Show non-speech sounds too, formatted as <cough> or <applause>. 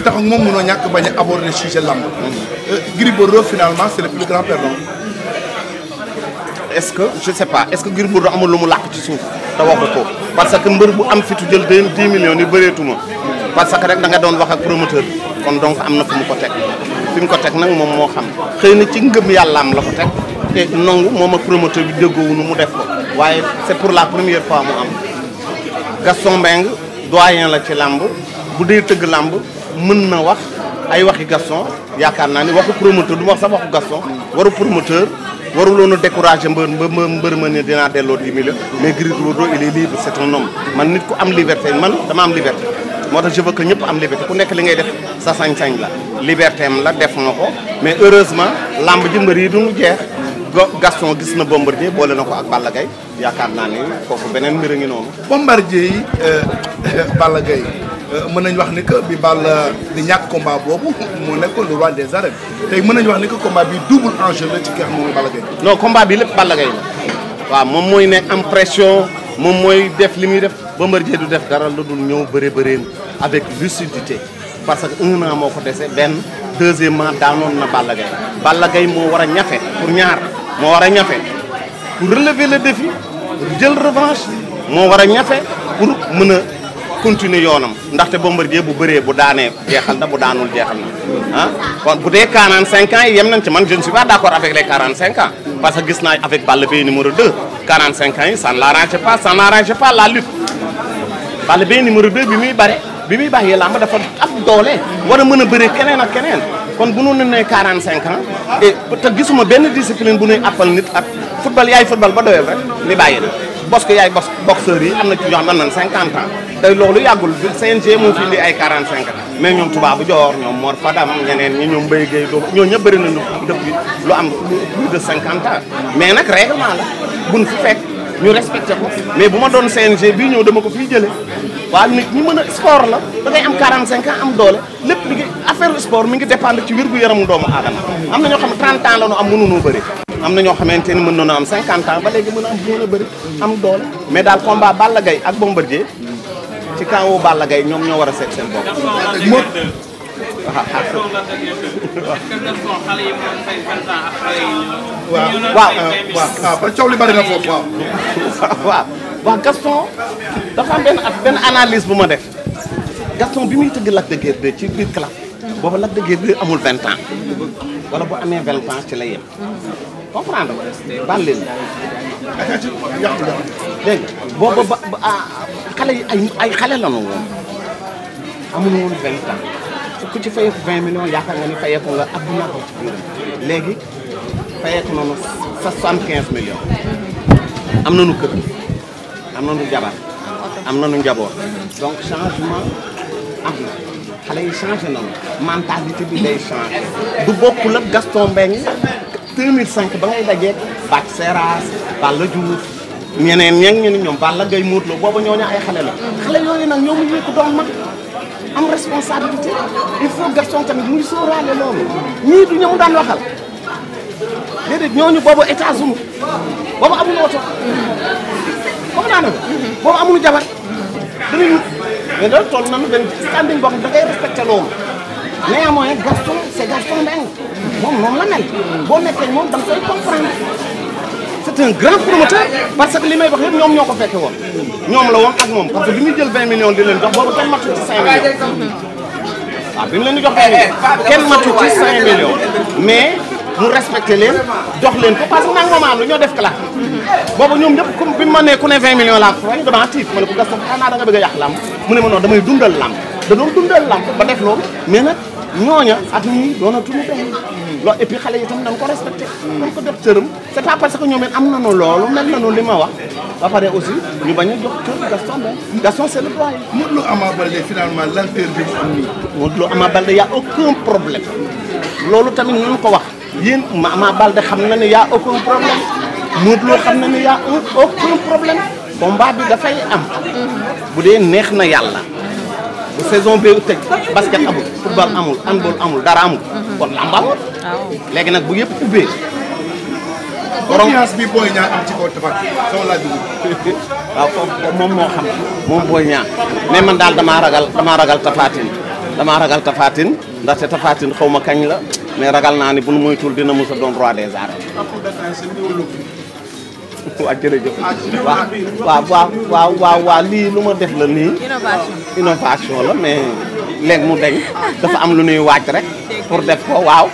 ku tax ak moom mënoo ñàkk bañ a aborder sujet lamb. Euh, Gris Bordeaux finalement c' est le plus grand perdant. est ce que je sais pas est ce que Gris Bordeaux amul lu mu làkk ci suuf te waxu ko parce que mbër bu am fitu jël deux dix millions yi bëreetuma parce que rek danga doon wax ak promoteur kon donc am na fu mu ko teg fi mu ko teg nag moom moo xam xëy na ci ngëm yàllaam la ko teg te nangu moom ak promoteur bi nu mu def ko waaye c' est pour la première fois mu am Gaston Mbengue la ci làmb bu dee tëgg làmb mën na wax ay waxi Gaston yaakaar naa ni waxu promoteur du ma wax sax waxu Gaston waru promoteur waruloon a découragé mbër mbër mbër ma ne dinaa delloo dix millions mais Gris Bordeaux il est libre c'est un homme man nit ku am liberté man dama am liberté moo tax je veux que ñëpp am liberté ku nekk li ngay def sa sañ-sañ la liberte am la def na ko mais heureusement lamb ji mbër yi duñu jeex Gaston gis na Bombardier boole na ko ak Balla Gaye yaakaar naa ne kooku beneen mbir a ngi noonu. Bombardier yi euh, <laughs> Balla Gaye euh, mën nañu wax ni que bi Balla di ñàkk combat boobu moo nekkoon le des arènes mën nañu wax ni que combat bi double enjeu la ci ki nga moom Balla Gaye. non combat bi lépp Balla waaw moom mooy nekk am pression moom mooy def li muy def Bombardier du def dara lu dul ñëw bëre bëreem avec lucidité parce que un an moo ko dese benn deuxièmement daanoon na Balla Gaye Balla Gaye moo war a ñafe pour ñaar. moo war a ñafe pour relever le défi jël revanche moo war a ñafe pour mën a continuer yoonam ndaxte Bombardier bu bëree bu daanee jeexal na bu daanul jeexal na ah kon bu dee 45 ans yi yem nañ ci man je ne suis pas d' accord avec les 45 que gis naa avec Balla Gaye numéro 2 45 ans yi ça ne l'arrange pas ça n'arrange pas la lutte Balla Gaye numéro 2 bi muy bare bi muy bàyyi làmb dafa am doole. war a mën a bëre keneen ak keneen. kon bu nu nee 45 ans. et te gisuma benn discipline bu nuy appal nit ak football yaay football ba doyal rek li bàyyi na. bosk yaay bosk boxeurs am na ci ñoo xam ne nan 50 ans. tey loolu yàggul CNG moo fi indi ay 45 ans. mais ñoom tubaabu joor ñoom Mor Fadam ñeneen ñi ñoom Mbaye Guèye doo ñoo ñëpp bëri dëkk lu am plus de 50 ans. mais nag règlement la buñ ñu respecté ko mais bu ma doon CNG bii ñëw dama ko fii jëlee waa nit ñi mën a sport la da ngay am 45 ans am doole lépp mi ngi affaire sport mi ngi dépendre ci wér-gu-yaramu doomu aadama am na ñoo xam ne 30 ans la ñu am mënuñoo bëri am na ñoo xamante ni mën noonu am 50 ans ba léegi mën a am a bëri am doole mais daal combat Balla Gaye ak Bombardier ci kaw Balla gay ñoom ñoo war a seet seen bopp waaw waaw waaw ba coow li bari <laughs> Gaston dafa am benn benn bu ma def Gaston bi muy tëgg Lac de Guiers ci biir club booba Lac de Guiers amul vingt ans bu amee vingt ci la yem comprendre nga baal ba ah, xale yi ay xale la ñu woon amuñu woon ku ci fa fayeeku 20 millions yaakaar nga ni fayeeku nga adduna ko ci biir léegi fayeeku noonu sa 75 millions am nu kër am na nañu jabar am nañu njaboot donc changement am na xale yi changé nañu mentalité bi day changé du bokkul ak Gaston Mbengue 2005 ba ngay dajeeg Bac Seras Balla Diouf ñeneen ñeeng ñeneen ñoom Balla Gaye Modou Lo booba ñooñu ay xale la xale yooyu nag ñoo mujjee ko doon mag am responsabilité il faut Gaston tamit muy sóoraale loolu ñii du ñëw daan waxal déedéet ñooñu boobu États-Unis boobu amuñu oto comme daanaka. boobu amuñu jabar danañu mais loolu toll nañu benn standing boo xam da ngay respecté loolu. néanmoins Gaston c'est Gaston Mbengue moom moom la mel boo nekkee moom da nga koy c'est un grand promoteur parce que li may wax yëpp ñoom ñoo ko fekke woon ñoom la woon ak moom parce que bi muy jël 20 di leen jox boobu kenn matu ci 5 mais mu respecté leen jox leen ko parce que nag moom ñoo def classe boobu ñoom ñëpp ku ma ne ku ne 20 laa ko fay dama ma ne ko gas xanaa da nga bëgg a yàq làmb mu ne ma non damay dundal làmb da doon dundal làmb ba def loolu mais nag ñooña ak ñii doonatuñu benn loolu et xale yi itam dañ ko respecté dañ hmm. ko jox cëram c'est pas parce que ñoom it am nañu loolu mel nañu li ma wax ba pare aussi ñu bañ a jox cër Gaston Mbengue Gaston c'est le doyen Modou Lo Ama Baldé finalement l'alter bi mu am nii Modou Lo Ama Baldé y a aucun problème loolu tamit nañ ko wax ma am a Baldé xam na ne y a aucun problème Modou Lo xam na ne y a aucun problème combat bi dafay am hmm. bu dee neex na yàlla saison bi teg basket amul football amul handball amul dara amul. Mhm. kon lamba amul. léegi nag bu yëpp ubbee. borom confiance bi Boy Niang <laughs> moom moo xam moom Boy Niang mais man daal damaa ragal damaa ragal Tapha Tine ragal Tapha Tine ndaxte Tapha Tine xaw ma kañ la mais ragal naa ni bu nu moytuwul dina mos a doon des arènes. <laughs> waaw jërëjëf waaw waaw waaw waa waaw lii lu ma def la nii. innovation la mais léegi mu deñ dafa am lu ñuy waaj rek pour def ko waaw.